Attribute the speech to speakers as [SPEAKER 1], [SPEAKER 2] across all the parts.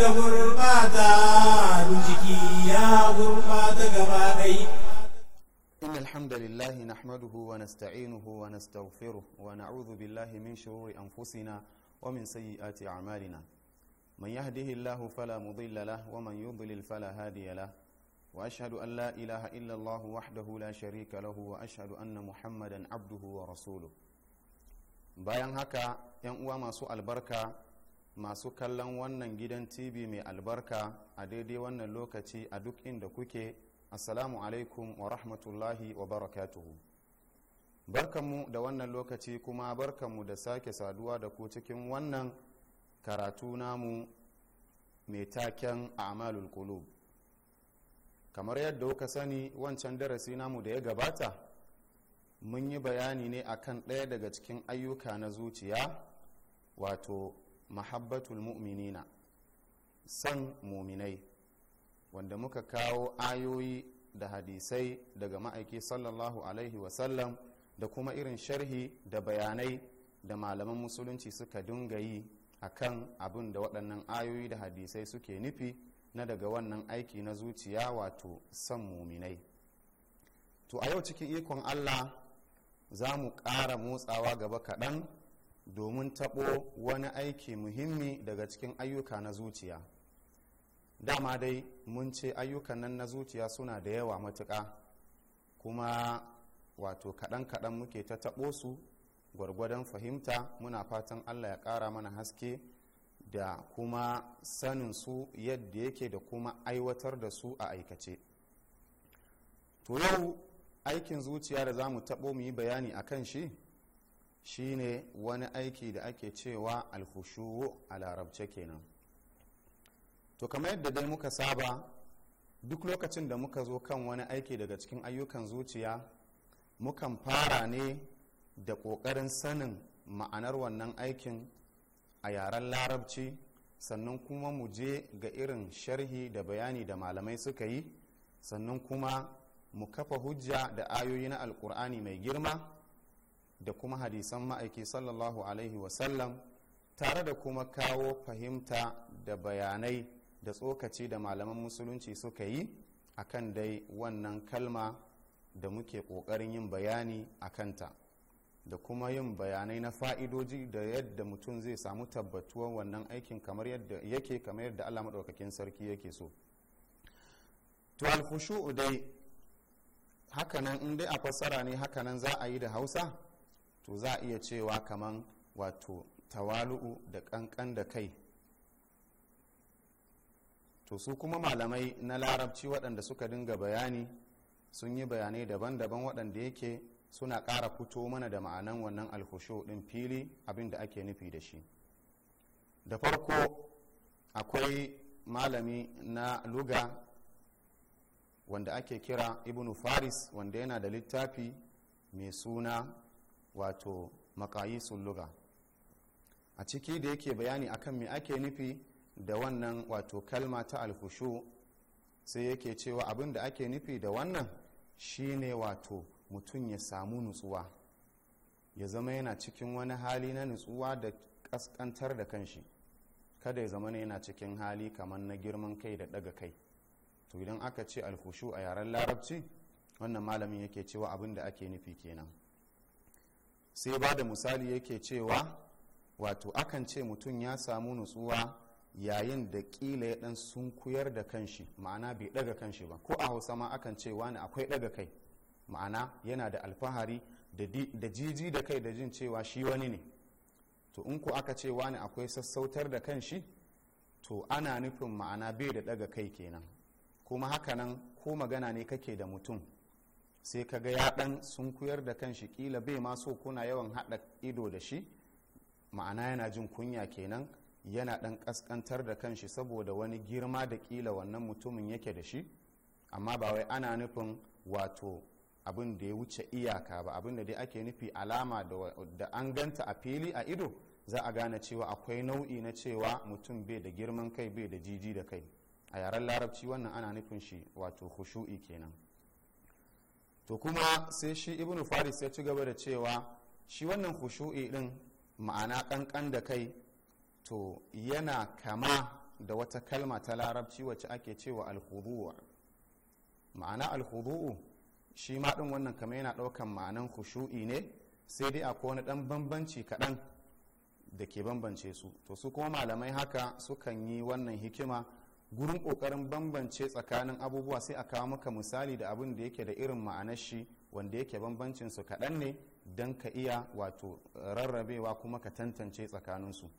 [SPEAKER 1] da gurbata jiki ya gurbata gaba ɗai إن الحمد لله نحمده ونستعينه ونستغفره ونعوذ بالله من شرور أنفسنا ومن سيئات أعمالنا من يهده الله فلا مضل له ومن يضلل فلا هادي له وأشهد أن لا إله إلا الله وحده لا شريك له وأشهد أن محمدا عبده ورسوله bayan haka 'yan uwa masu albarka masu kallon wannan gidan tv mai albarka a daidai wannan lokaci a duk inda kuke assalamu alaikum wa rahmatullahi wa barakatuhu barkanmu da wannan lokaci kuma barkanmu da sake saduwa da ku cikin wannan karatu namu mai taken amalul qulub kamar yadda kuka sani wancan darasi namu da ya gabata mun yi bayani ne akan ɗaya daga cikin ayyuka na zuciya wato mahabbatul mu'minina san muminai wanda muka kawo ayoyi da hadisai daga ma'aiki sallallahu alaihi wasallam da kuma irin sharhi da bayanai da malaman musulunci suka dinga yi a kan abin da waɗannan ayoyi da hadisai suke nufi na daga wannan aiki na zuciya wato san muminai to a yau cikin ikon allah za mu ƙara motsawa gaba kaɗan domin taɓo wani aiki muhimmi daga cikin ayyuka na zuciya dama dai mun ce ayyukan nan na zuciya suna da yawa matuka kuma wato kaɗan-kaɗan muke ta taɓo su gwargwadon fahimta muna fatan allah ya ƙara mana haske da kuma sanin su yadda yake da kuma aiwatar da su a aikace to yau aikin zuciya da za mu taɓo mu yi bayani a kan shi shine wani aiki da ake cewa alhushuwu a larabce kenan to kamar yadda dai muka saba duk lokacin da muka zo kan wani aiki daga cikin ayyukan zuciya mukan fara ne da ƙoƙarin sanin ma'anar wannan aikin a yaren larabci sannan kuma mu je ga irin sharhi da bayani da malamai suka yi sannan kuma mu kafa hujja da ayoyi na alkur'ani mai girma da kuma hadisan ma'aiki sallallahu alaihi wasallam tare da kuma kawo fahimta da bayanai da tsokaci da malaman musulunci suka yi akan dai wannan kalma da muke ƙoƙarin yin bayani a kanta da kuma yin bayanai na fa'idoji da yadda mutum zai samu tabbatuwar wannan aikin kamar yadda yake kamar yadda allah maɗaukakin sarki yake so to alfushu dai hakanan in dai a fassara ne hakanan za a yi da hausa to za a iya cewa kaman wato tawalu'u da kankan da kai to su kuma malamai na larabci waɗanda suka dinga bayani sun yi bayanai daban-daban waɗanda yake suna ƙara fito mana da ma'anan wannan alhusho ɗin fili abin da ake nufi da shi da farko akwai malami na luga wanda ake kira ibnu faris wanda yana da littafi mai suna wato makayisun luga a ciki da yake bayani akan me ake nufi da wannan wato kalma ta alhushu sai yake cewa abin da ake nufi da wannan shine wato mutum ya samu nutsuwa ya zama yana cikin wani hali na nutsuwa da kaskantar da kanshi kada ya zama yana cikin hali kamar na girman kai da daga kai to idan aka ce alhushu a yaren larabci wannan malamin yake cewa abin da ake nufi kenan sai ba da misali yake cewa wato akan ce mutum ya samu nutsuwa yayin da kila ya dan sunkuyar da kanshi ma'ana bai daga kanshi ba ko a hausa ma akan ce wani akwai daga kai ma'ana yana da alfahari da jiji da kai da jin cewa shi wani ne to in ku aka ce wani akwai sassautar da kanshi to ana nufin ma'ana bai da daga kai kenan kuma haka nan ko magana ne kake da mutum sai ka ga ya sun kuyar da kan shi kila bai ma so kuna yawan haɗa ido da shi ma'ana yana jin kunya kenan yana ɗan ƙasƙantar da kanshi saboda wani girma da kila wannan mutumin yake da shi amma ba wai ana nufin wato abin da ya wuce iyaka ba abin da dai ake nufi alama da an ganta a fili a ido za a gane cewa akwai nau'i na cewa mutum bai da girman kai bai da jiji da kai a yaren larabci wannan ana nufin shi wato khushu'i kenan to kuma sai shi ibn faris ya ci gaba da cewa shi wannan khushu'i din ma'ana kankan da kai to yana kama da wata kalma ta larabci wacce ake cewa alhudu'u ma'ana alhudu'u shi ma din wannan kama yana daukan ma'anan khushu'i ne sai dai akwai wani dan bambanci kaɗan da ke bambance su to su kuma malamai haka sukan yi wannan hikima gurin kokarin bambance tsakanin abubuwa sai a kawo maka misali da abin da yake da irin ma'anar shi wanda yake bambancin su kaɗan ne don ka iya wato rarrabewa kuma ka tantance tsakanin su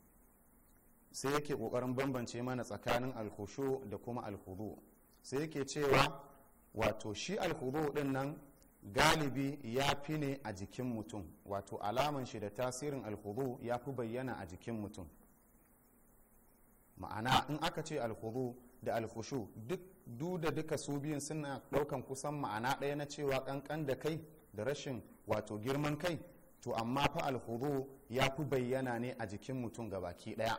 [SPEAKER 1] sai yake kokarin bambance mana tsakanin alkushu da kuma alhudu sai yake cewa wato shi alhudu din nan galibi ya fi ne a jikin mutum wato alaman shi da tasirin alhudu ya fi bayyana a jikin mutum ma'ana in aka ce alkhuru da alkhushu duk du da duka su biyun suna daukan kusan ma'ana ɗaya na cewa kankan da kai da rashin wato girman kai to amma fa alhuru ya fi bayyana ne a jikin mutum gabaki ɗaya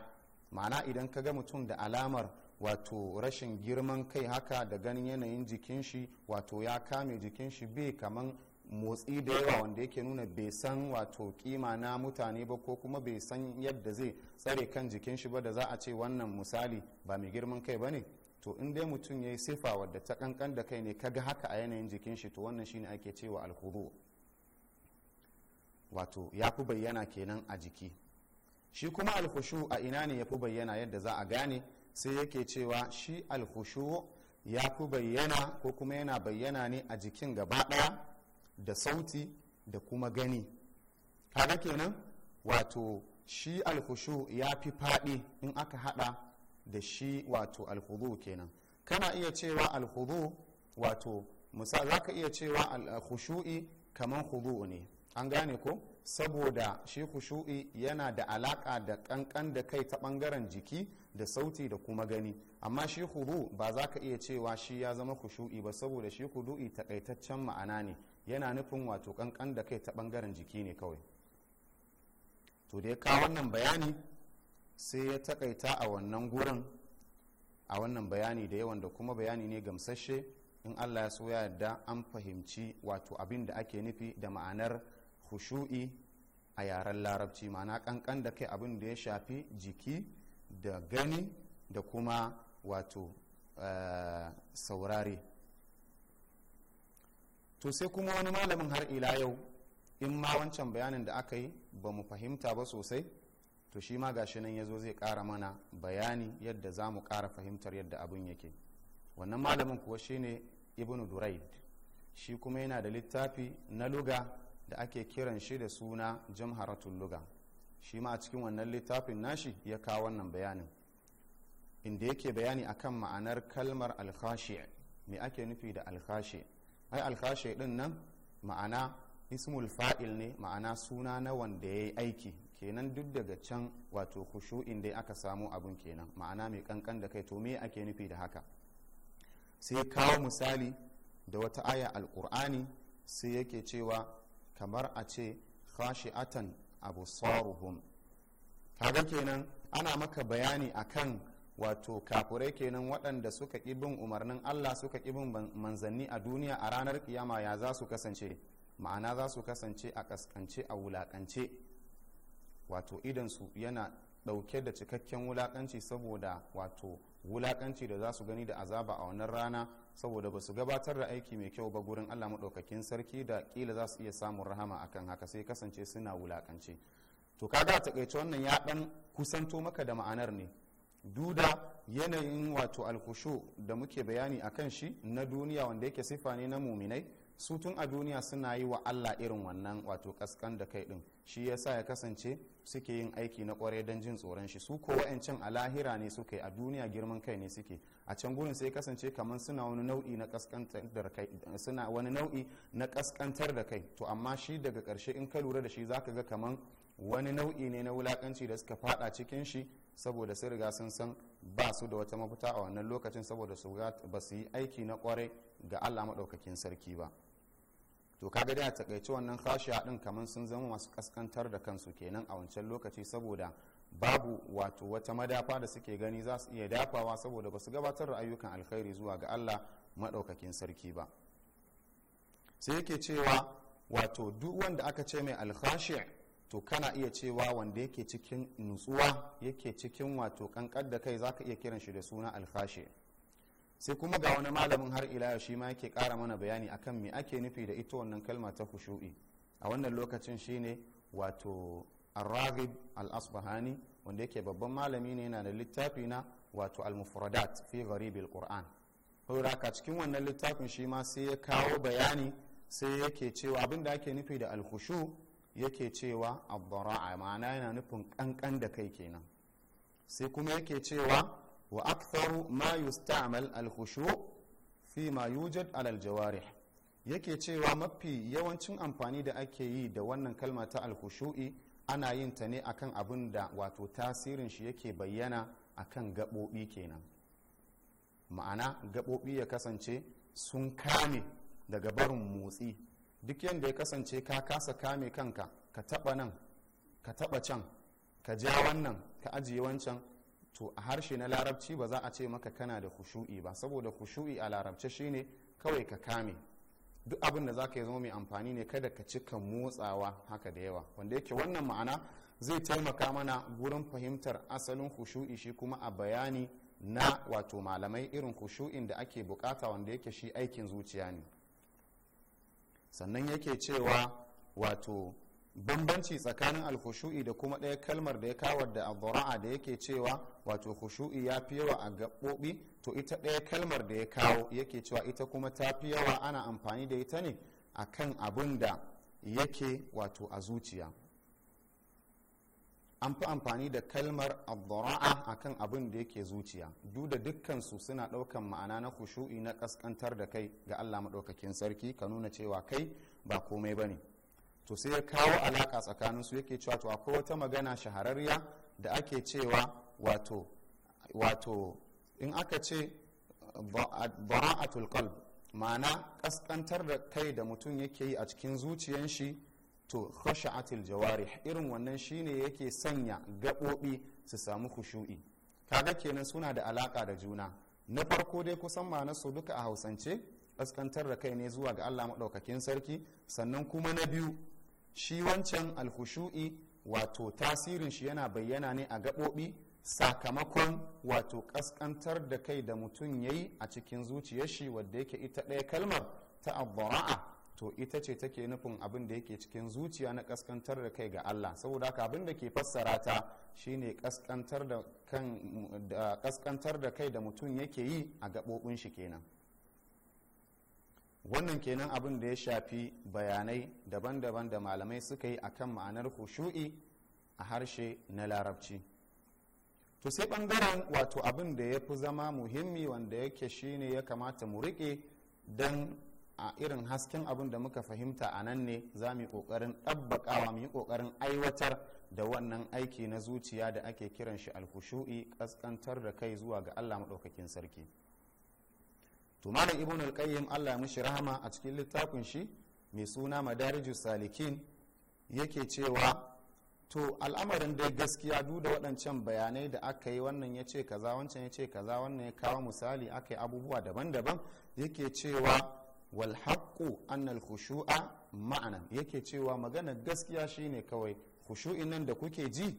[SPEAKER 1] ma'ana idan ka ga mutum da alamar wato rashin girman kai haka da ganin yanayin jikin shi wato ya kame jikin shi bai kaman motsi da yawa wanda yake nuna bai san wato kima na mutane ba ko kuma bai san yadda zai tsare kan jikin shi ba da za a ce wannan misali ba mai girman kai ba ne to in dai mutum ya yi sifa wadda ta kankan da kai ne ka ga haka a yanayin jikin shi to wannan shine ake cewa alhudu wato ya fi bayyana kenan a jiki shi kuma alhushu a ina ne ya fi bayyana yadda za a gane sai yake cewa shi alhushu ya fi bayyana ko kuma yana bayyana ne a jikin gaba ɗaya da sauti da kuma gani kaga kenan wato shi alfushu ya fi faɗi in aka hada da shi wato alhudu kenan kana iya cewa alhudu wato misali za ka iya cewa alkhushu'i kamar hudu ne an gane ko saboda shi khushu'i yana da alaka da kankan da kai ta bangaren jiki da sauti da kuma gani amma shi hudu ba za ka iya cewa shi ya zama khushu'i ba saboda shi hudu'i takaitaccen ma'ana ne yana nufin wato kankan da kai ta bangaren jiki ne kawai to da ya kawo wannan bayani sai ya takaita a wannan gurin a wannan bayani da yawan da kuma bayani ne gamsashe in allah ya so ya yadda an fahimci wato abin da ake nufi da ma'anar hushu'i a yaren larabci ma'ana kankan da kai abin da ya shafi jiki da gani da kuma wato eh, saurare to sai kuma wani malamin har ila yau in ma wancan bayanin da aka yi ba mu fahimta ba sosai to shi ma gashi nan ya zo zai kara mana bayani yadda za mu kara fahimtar yadda abin yake wannan malamin kuwa shine ibnu duraid shi kuma yana da littafi na luga da ake kiran shi da suna jamharatul luga shi ma a cikin wannan littafin nashi ya kawo wannan bayanin inda yake bayani akan ma'anar kalmar alkhashi me ake nufi da alkhashi ai alkashe din nan ma'ana ismul fa'il ne ma'ana suna na wanda ya yi aiki kenan duk daga can wato khushu'in inda aka samu abun kenan ma'ana mai kankan da kai to me ake nufi da haka sai kawo misali da wata aya alkur'ani sai yake cewa kamar a ce khashi'atan abu saruhum kaga kenan ana maka bayani akan wato kafurai kenan waɗanda suka ƙi bin umarnin allah suka ƙi bin manzanni a duniya a ranar kiyama ya za su kasance ma'ana za su kasance a kaskance a wulaƙance wato idansu yana ɗauke da cikakken wulaƙanci saboda wato wulaƙanci da za su gani da azaba a wannan rana saboda ba su gabatar da aiki mai kyau ba gurin allah maɗaukakin sarki da ƙila za su iya samun rahama akan haka sai kasance suna wulaƙance to kaga a taƙaice wannan ya ɗan kusanto maka da ma'anar ne duda yanayin wato alkushu da muke bayani a kan shi na duniya wanda yake sifa ne na muminai su tun a duniya suna yi wa allah irin wannan wato kaskan da kai din shi yasa ya kasance suke yin aiki na kwarai don jin tsoron shi su ko wa'ancan a lahira ne suke a duniya girman kai ne suke a can gurin sai kasance kamar suna wani nau'i na kaskantar da kai suna wani nau'i na kaskantar da kai to amma shi daga karshe in ka lura da shi zaka ga kamar wani nau'i ne na wulakanci da suka fada cikin shi saboda sun riga sun san ba su da wata mafita a wannan lokacin saboda su ba su yi aiki na kwarai ga allah maɗaukakin sarki ba to kaga da a takaice wannan khashiya din kamar sun zama masu kaskantar da kansu kenan a wancan lokaci saboda babu wato wata madafa da suke gani za su iya dafawa saboda ba su gabatar da ayyukan alkhairi zuwa ga allah maɗaukakin sarki ba sai yake cewa wato duk wanda aka ce mai alkhashi to kana iya cewa wanda yake cikin nutsuwa yake cikin wato kankar da kai zaka iya kiran shi da suna alfashe sai kuma ga wani malamin har ila shi ma yake kara mana bayani akan me ake nufi da ita wannan kalma ta khushu'i a wannan lokacin shine wato arraghib al-asbahani wanda yake babban malami ne yana da littafi na wato al-mufradat fi gharibil qur'an saboda cikin wannan littafin shi ma sai ya kawo bayani sai yake cewa abin da ake nufi da al-khushu' yake cewa abbara'a ma'ana yana nufin kankan da kai kenan sai kuma yake cewa wa aktharu ma yusta'mal al-khushu fi ma yujad al jawarih yake cewa mafi yawancin amfani da ake yi da wannan kalma ta al-khushu'i ana yin ta ne akan abin da wato tasirin shi yake bayyana akan gabobi kenan ma'ana gabobi ya kasance sun kame daga barin motsi duk yadda ya kasance ka kasa kame kanka ka taba nan ka taba can ka ja wannan ka ajiye wancan to a harshe na larabci ba za a ce maka kana da kushu'i ba saboda kushu'i a larabce shine kawai ka kame duk abin da za ka yi zama mai amfani ne kada ka cika motsawa haka da yawa wanda yake wannan ma'ana zai taimaka mana gurin fahimtar asalin kushu'i shi kuma a bayani na wato malamai irin kushu'in da ake bukata wanda yake shi aikin zuciya ne sannan yake cewa wato bambanci tsakanin alkhushu'i da kuma ɗaya kalmar da ya kawar da adhura'a da yake cewa wato khushu'i ya fi yawa a gaɓoɓi to ita ɗaya kalmar da ya kawo yake cewa ita kuma ta fi yawa ana amfani da ita ne akan abin da yake wato a zuciya an fi amfani da kalmar abdura'a akan abin da yake zuciya duk da dukkansu suna daukan ma'ana na kushu'i na kaskantar da kai ga allah maɗaukakin sarki ka nuna cewa kai ba komai bane ne to sai ya kawo alaka tsakanin su yake cewa to akwai wata magana shahararriya da ake cewa wato wato in aka ce bara'atul qalb ma'ana kaskantar da kai da mutum yake yi a cikin zuciyan shi to khashatil jawarih irin wannan shine yake sanya gabobi su samu khushu'i kaga kenan suna da alaka da juna na farko dai kusan na su duka a hausance kaskantar da kai ne zuwa ga Allah maɗaukakin sarki sannan kuma na biyu shi wancan alkhushu'i wato tasirin shi yana bayyana ne a gabobi sakamakon wato kaskantar da kai da mutum yayi a cikin zuciyar shi wadda yake ita ɗaya kalmar ta abbara'a to ita ce take nufin abin da yake cikin zuciya na kaskantar da kai ga Allah saboda haka abin da ke fassara ta shine kaskantar da kai da mutum yake yi a gabobin shi kenan wannan kenan abin da ya shafi bayanai daban-daban da malamai suka yi akan ma'anar khushu'i a harshe na larabci to sai bangaren wato abin da ya fi zama muhimmi wanda yake shine ya kamata mu rike don a irin hasken abin da muka fahimta a nan ne za mu yi ƙoƙarin ɗabbaƙawa mu yi ƙoƙarin aiwatar da wannan aiki na zuciya da ake kiran shi alkushu'i ƙasƙantar da kai zuwa ga allah maɗaukakin sarki tumanin ibn al allah mishi rahama a cikin littafin shi mai suna madariju salikin yake cewa to al'amarin dai gaskiya duk da waɗancan bayanai da aka yi wannan ya ce kaza wancan ya ce kaza wannan ya kawo misali aka yi abubuwa daban-daban yake cewa Walhaƙu annal khushu'a ma'anan yake cewa maganar gaskiya shine kawai khushu'in nan da kuke ji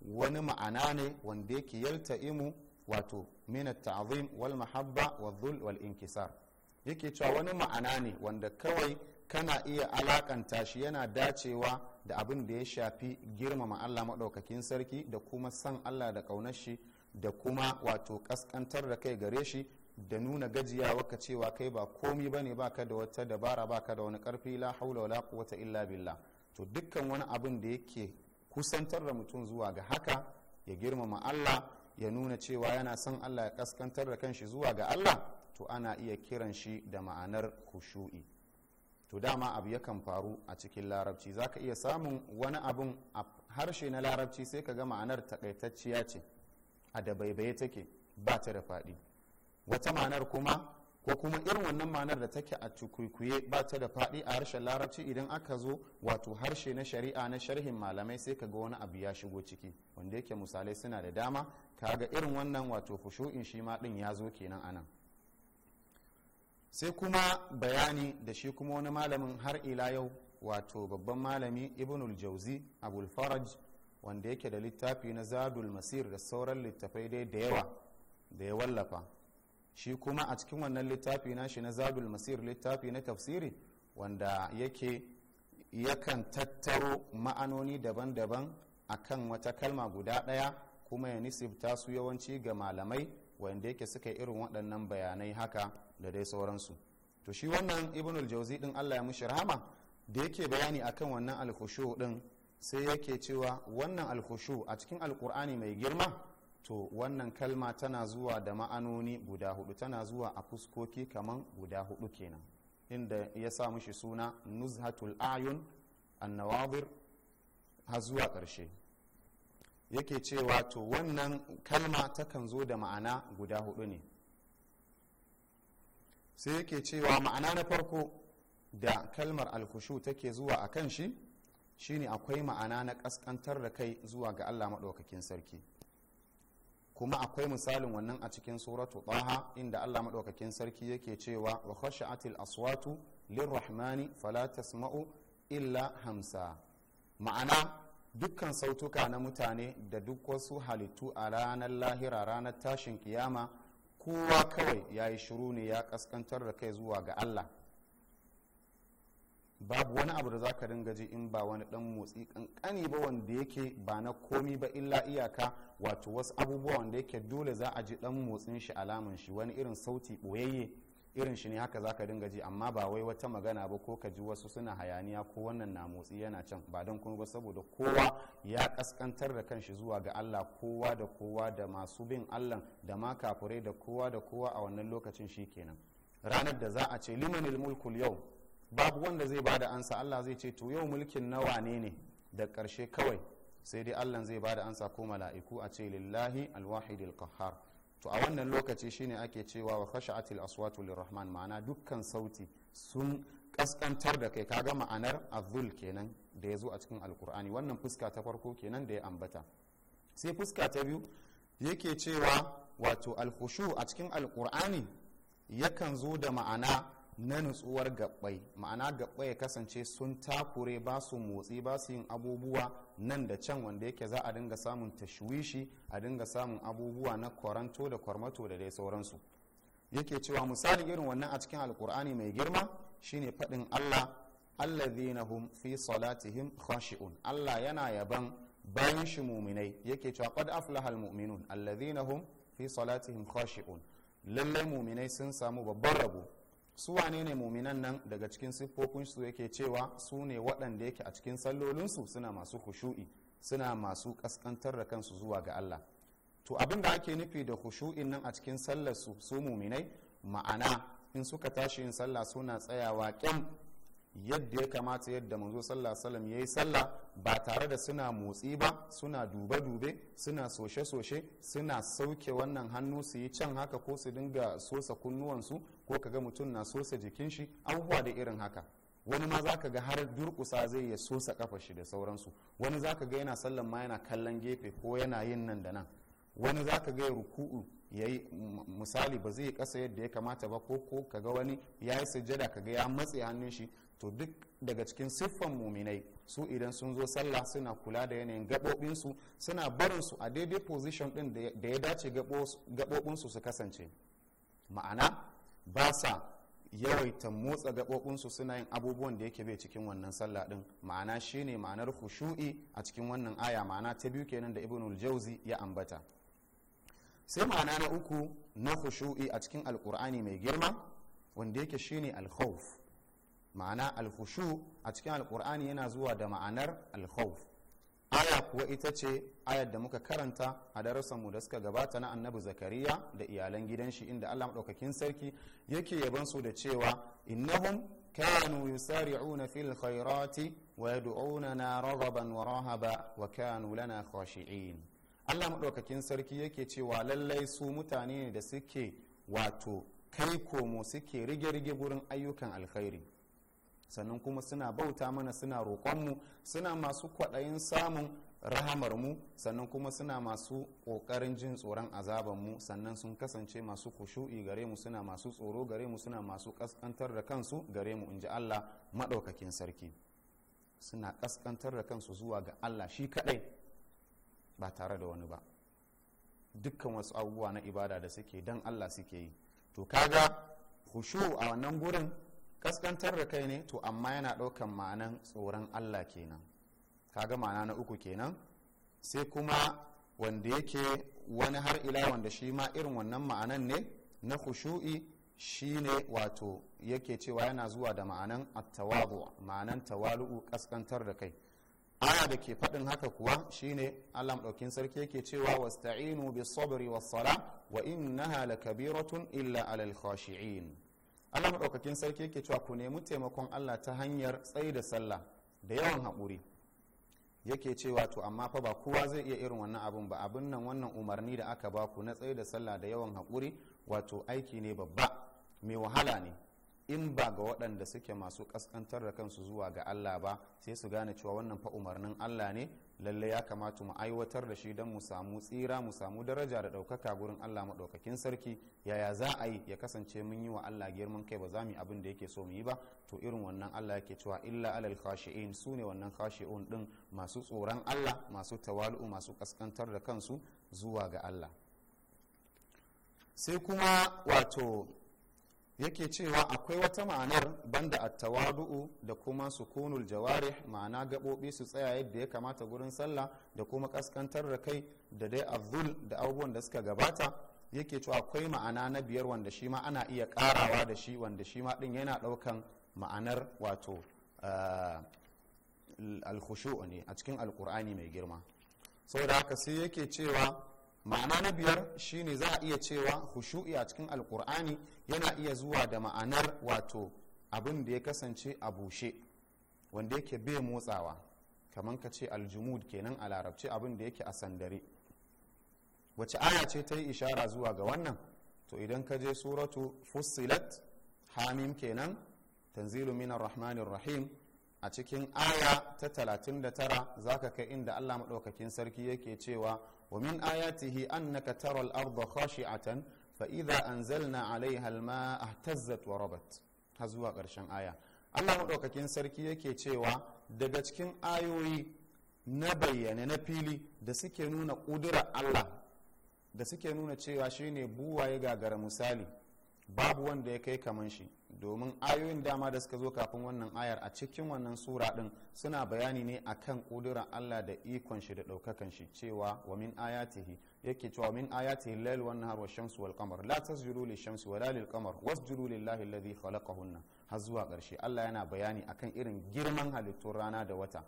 [SPEAKER 1] wani ma'ana ne wanda yake yalta'imu wato min ta'zim wal mahabba wa dhul wal inkisar yake cewa wani ma'ana ne wanda kawai kana iya alakanta shi yana dacewa da abin da ya shafi girmama Allah madaukakin sarki da kuma san Allah da ƙaunar shi da kuma wato kaskantar da kai gare shi da nuna gajiya ka cewa kai ba komi ba bane baka da wata dabara baka da wani karfi la haula wala quwwata illa billah to dukkan wani abin da yake kusantar da mutum zuwa ga haka ya girmama Allah ya nuna cewa yana son Allah ya kaskantar da kanshi zuwa ga Allah to ana iya kiran shi da ma'anar kushu'i to dama abu yakan faru a cikin larabci zaka iya samun wani abun a harshe na larabci sai ka ga ma'anar takaitacciya ce a da baibaye take ba ta da faɗi wata ma'anar kuma ko kuma irin wannan ma'anar da take a tukuikuye ba ta da faɗi a harshen larabci idan aka zo wato harshe na shari'a na sharhin malamai sai ka ga wani abu ya shigo ciki wanda yake misalai suna da dama kaga irin wannan wato fushu'in shi ma ɗin ya zo kenan anan sai kuma bayani da shi kuma wani malamin har ila yau wato babban malami ibnul jauzi abul faraj wanda yake da littafi na zadul masir da sauran littafai dai da yawa da ya wallafa shi kuma a cikin wannan littafi na shi na zadul masir littafi na tafsiri wanda yake yakan tattaro ma'anoni daban-daban a kan wata kalma guda ɗaya kuma ya nisibta su yawanci ga malamai wanda yake suka irin waɗannan bayanai haka da dai sauransu to shi wannan ibnul jauzi din allah ya mushi rahama da yake bayani akan wannan alkhushu din sai yake cewa wannan alkhushu a cikin alkur'ani mai girma to wannan kalma tana zuwa da ma'anoni guda hudu tana zuwa a fuskoki kaman guda hudu kenan inda ya sa mushi suna nuzhatul ayun annawadir har zuwa ƙarshe yake cewa to wannan kalma takan zo da ma'ana guda hudu ne sai yake cewa ma'ana na farko da kalmar alkushu take zuwa a kan shi shine akwai ma'ana na ƙasƙantar da kai zuwa ga allah maɗaukakin sarki kuma akwai misalin wannan a cikin suratu taha inda allah maɗaukakin sarki yake cewa wa Atil aswatu lirrahmani fala tasma'u illa hamsa ma'ana dukkan sautuka na mutane da duk wasu halittu a ranar lahira ranar tashin kiyama kowa kawai ya yi shiru ne ya kaskantar da kai zuwa ga allah babu wani abu da zaka ringa ji in ba wani dan motsi kankani ba wanda yake ba na komi ba illa iyaka wato wasu abubuwa wanda yake dole za a ji dan motsin shi alaman shi wani irin sauti boyayye irin shi ne haka zaka dinga ji amma ba wai wata magana ba ko ka ji wasu suna hayaniya ko wannan na motsi yana can ba don kuma ba saboda kowa ya kaskantar da kanshi zuwa ga Allah kowa da kowa da masu bin Allah da ma kafurai da kowa da kowa a wannan lokacin shi kenan ranar da za a ce limanil mulkul yau babu wanda zai ba da ansa allah zai ce to yau mulkin nawa ne ne da ƙarshe kawai sai dai allah zai ba da ansa ko mala'iku a ce lillahi alwahidil qahhar to a wannan lokaci shine ake cewa wa khashatil aswatu lirrahman ma'ana dukkan sauti sun kaskantar da kai kaga ma'anar azul kenan da ya zo a cikin alkur'ani wannan fuska ta farko kenan da ya ambata sai fuska ta biyu yake cewa wato alkhushu a cikin alkur'ani yakan zo da ma'ana na nutsuwar gabbai ma'ana gabbai ya kasance sun takure ba su motsi ba su yin abubuwa nan da can wanda yake za a dinga samun tashwishi a dinga samun abubuwa na kwaranto da kwarmato da dai sauransu yake cewa misali irin wannan a cikin alkur'ani mai girma shine faɗin allah alladhina hum fi salatihim khashi'un allah yana yaban bayan shi muminai yake cewa qad aflahal mu'minun alladhina hum fi salatihim khashi'un lallai muminai sun samu babban rabo su wane ne muminan nan daga cikin siffofin su yake cewa su ne waɗanda yake a cikin sallolinsu suna masu hushu'i suna masu ƙasƙantar da kansu zuwa ga Allah to abin da ake nufi da hushu'in nan a cikin sallar su su muminai ma'ana in suka tashi yin sallah suna tsayawa kyan yadda ya kamata yadda manzo sallallahu alaihi wasallam yayi sallah ba tare da suna motsi ba suna dube dube suna soshe soshe suna sauke wannan hannu su yi can haka ko su dinga sosa kunnuwansu ko kaga mutum na sosa jikin shi abubuwa da irin haka wani ma zaka ga har durkusa zai ya sosa kafa shi da sauransu wani zaka ga yana sallan ma yana kallon gefe ko yana yin nan da nan wani zaka ga ya ruku'u ya yi misali ba zai kasa yadda ya kamata ba ko ko kaga wani ya yi sujjada kaga ya matse hannun shi to duk daga cikin siffan muminai su idan sun zo sallah suna kula da yanayin gaɓoɓinsu suna barinsu a daidai position ɗin da ya dace gaɓoɓinsu su kasance ma'ana ba sa yawaita motsa gaɓoɓinsu suna yin abubuwan da yake bai cikin wannan sallah ɗin ma'ana shine ma'anar khushu'i a cikin wannan aya ma'ana ta biyu kenan da ibnul jauzi ya ambata sai ma'ana na uku na khushu'i a cikin alkur'ani mai girma wanda yake shine alkhawf ma'ana alfushu a cikin alkur'ani yana zuwa da ma'anar alkhawf aya kuwa ita ce ayar da muka karanta a mu da suka gabata na annabi zakariya da iyalan gidan shi inda allah maɗaukakin sarki yake yaban su da cewa innahum kanu yusari'una fil khairati wa yad'unana raghaban wa rahaba wa kanu lana khashi'in allah maɗaukakin sarki yake cewa lallai su mutane ne da suke wato kai komo suke rige-rige gurin ayyukan alkhairi sannan kuma suna bauta mana suna roƙonmu suna masu kwaɗayin samun rahamarmu sannan kuma suna masu ƙoƙarin jin tsoron azabanmu sannan sun kasance masu kushu'i gare mu suna masu tsoro gare mu suna masu ƙasƙantar da kansu gare mu in ji allah maɗaukakin sarki suna ƙasƙantar da kansu zuwa ga allah shi kaɗai ba tare da wani ba dukkan wasu abubuwa na ibada da suke dan allah suke yi to kaga kushu a wannan gurin kaskantar da kai ne to amma yana ɗaukan ma'anan tsoron allah kenan kaga ma'ana na uku kenan sai kuma wanda yake wani har ila wanda shi ma irin wannan ma'anan ne na khushu'i ne wato yake cewa yana zuwa da ma'anan attawabu ma'anan tawalu'u kaskantar da kai aya da ke faɗin haka kuwa shine Allah ɗaukin sarki yake cewa wasta'inu bis sabri was sala wa innaha lakabiratun illa alal khashi'in Allah maɗaukakin sarki yake cewa ku nemi taimakon Allah ta hanyar tsayi da sallah da yawan haƙuri yake cewa to amma fa ba kowa zai iya irin wannan abun ba abin nan wannan umarni da aka baku na tsayi da sallah da yawan haƙuri wato aiki ne babba mai wahala ne in ba ga waɗanda suke masu ƙasƙantar da kansu zuwa ga Allah ba sai su gane cewa wannan fa umarnin Allah ne lalle ya kamata mu aiwatar da shi don mu samu tsira mu samu daraja da ɗaukaka gurin Allah maɗaukakin sarki yaya za a yi ya kasance mun yi wa Allah girman kai ba za mu yi abin da yake so mu yi ba to irin wannan Allah yake cewa illa alal khashi'in su ne wannan khashi'un din masu tsoron Allah masu tawalu masu ƙasƙantar da kansu zuwa ga Allah sai kuma wato yake cewa akwai wata ma'anar banda attawadu'u da kuma sukunul jawarih ma'ana gaɓoɓi su tsaya yadda ya kamata gurin sallah da kuma kaskantar da kai da dai azul da abubuwan da suka gabata yake cewa akwai ma'ana na biyar wanda shi ma ana iya ƙarawa da shi wanda shi ma ɗin yana ɗaukan ma'anar wato eh, alkhushu ne a cikin alkur'ani mai girma saboda haka sai yake cewa ma'ana na biyar shine za a iya cewa hushu'i a cikin alkur'ani yana iya zuwa da ma'anar wato abin da ya kasance a bushe wanda yake bai motsawa kamar ka ce aljumud kenan a larabci abin da yake a sandare wace aya ce ta yi ishara zuwa ga wannan to idan ka je suratu fussilat hamim kenan tanzilu minar rahmanir rahim a cikin aya ta 39 ka kai inda Allah maɗaukakin sarki yake cewa wa min ayatihi annaka taral arda khashi'atan fa idza anzalna alaiha alma'a ihtazzat wa rabat har zuwa ƙarshen aya Allah maɗaukakin sarki yake cewa daga cikin ayoyi na bayyane na fili da suke nuna ƙudura Allah da suke nuna cewa shine buwaye gagara misali babu wanda ya kai kaman shi domin ayoyin dama da suka zo kafin wannan ayar a cikin wannan sura din suna bayani ne akan kudurar Allah da ikon shi da daukakan shi cewa wa min ayatihi yake cewa min ayatihi lail wan nahar wa shamsu wal qamar la tasjudu lish shamsi wa la lil qamar wasjudu lillahi alladhi khalaqahunna har zuwa karshe Allah yana bayani akan irin girman halittun rana da wata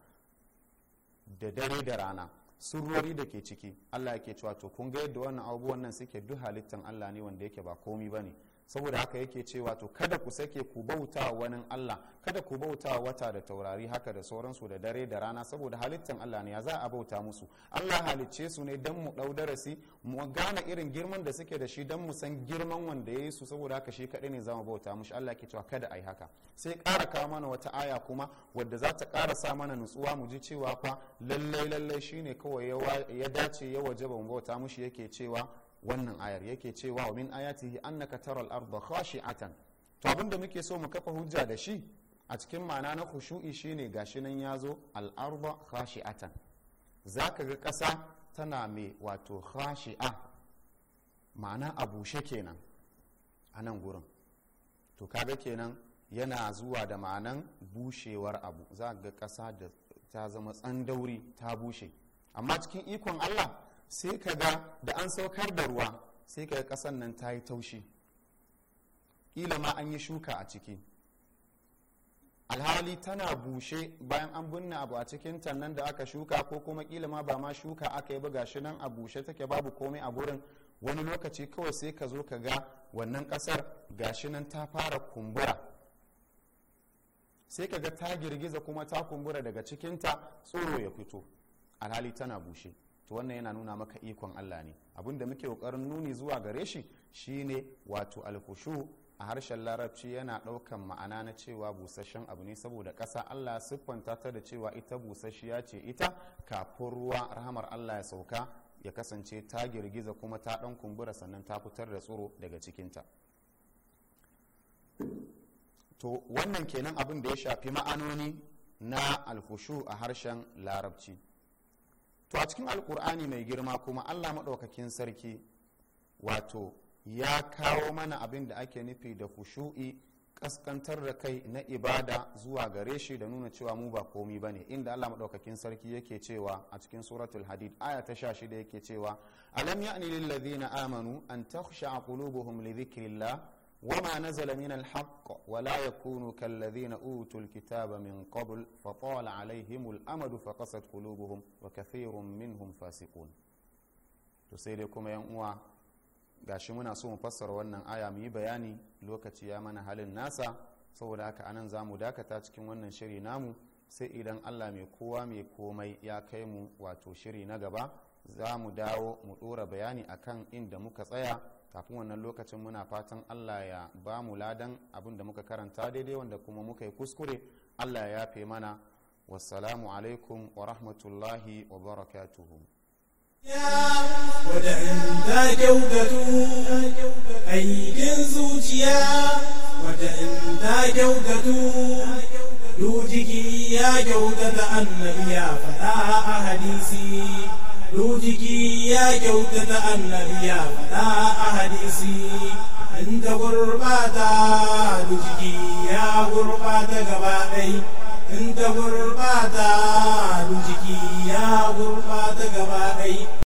[SPEAKER 1] da dare da rana surori da ke ciki Allah yake cewa to kun ga yadda wannan abubuwan nan suke duk halittan Allah ne wanda yake ba komi bane saboda haka yake cewa to kada ku sake ku bauta wani Allah kada ku bauta wata da taurari haka da sauransu da dare da rana saboda halittan Allah ne ya za a bauta musu Allah halicce su ne dan mu ɗau darasi mu gane irin girman da suke da shi dan mu san girman wanda ya yi su saboda haka shi kaɗai ne zamu bauta mushi Allah ke cewa kada ai haka sai ƙara kawo mana wata aya kuma wadda za ta ƙara sa mana nutsuwa mu ji cewa fa lallai lallai shine kawai ya dace ya wajaba mu bauta mushi yake cewa wannan ayar yake cewa wa min ayatihi annaka taral arda khashi'atan to abinda muke so mu kafa hujja da shi a cikin ma'ana na khushu'i shine gashi nan yazo al arda khashi'atan zaka ga kasa tana mai wato khashi'a ma'ana a bushe kenan a nan gurin to kaga kenan yana zuwa da ma'anan bushewar abu za ga kasa da ta zama tsandauri ta bushe amma cikin ikon Allah sai ka ga da an saukar da ruwa sai ka ga kasan nan ta yi taushi ƙila ma an yi shuka a ciki alhali tana bushe bayan an binne abu a cikin tannan da aka shuka ko kuma kila ma ba ma shuka aka yi ba shi nan a bushe take babu komai a gurin wani lokaci kawai sai ka zo ka ga wannan kasar shi nan ta fara kumbura sai ka ga ta girgiza kuma ta kumbura daga cikinta tsoro ya fito alhali tana bushe to wannan yana nuna maka ikon Allah ne abin da muke kokarin nuni zuwa gare shi shine wato alfushu a harshen larabci yana ɗaukan ma'ana na cewa busasshen abu ne saboda ƙasa allah siffanta ta da cewa ita busasshiya ce ita kafin ruwa rahamar allah ya sauka ya kasance ta girgiza kuma ta ɗan kumbura sannan ta fitar da tsoro daga cikinta to wannan kenan abin da ya shafi ma'anoni na alfushu a harshen larabci to a cikin alkur'ani mai girma kuma allah maɗaukakin sarki wato ya kawo mana abin da ake nufi da kushu'i ƙasƙantar da kai na ibada zuwa gare shi da nuna cewa mu ba komi ba ne inda allah maɗaukakin sarki yake cewa a cikin suratul hadid aya ta sha shida yake cewa alam ya'ni na amanu an takhsha qulubuhum li dhikrillah وما نزل من الحق ولا يكونوا كالذين أوتوا الكتاب من قبل فطال عليهم الأمد فقست قلوبهم وكثير منهم فاسقون تسيلكم يا أموة gashi muna so mu fassara wannan aya mu yi bayani lokaci ya mana halin nasa saboda haka anan za mu dakata cikin wannan shiri namu sai idan allah mai kowa mai komai ya kai mu wato shiri na gaba za mu dawo mu ɗora bayani akan inda muka tsaya kafin wannan lokacin muna fatan allah ya ba mu ladan abin da muka karanta daidai wanda kuma muka yi kuskure allah ya yafe mana wassalamu alaikum wa rahmatullahi wa barakatuhu dujiki ya faɗa a hadisi rujiki ya kyauta na annabi ya a hadisi in ta gurbata rujiki ya gurbata gaba ɗai in ta gurbata rujiki ya gurbata gaba ɗai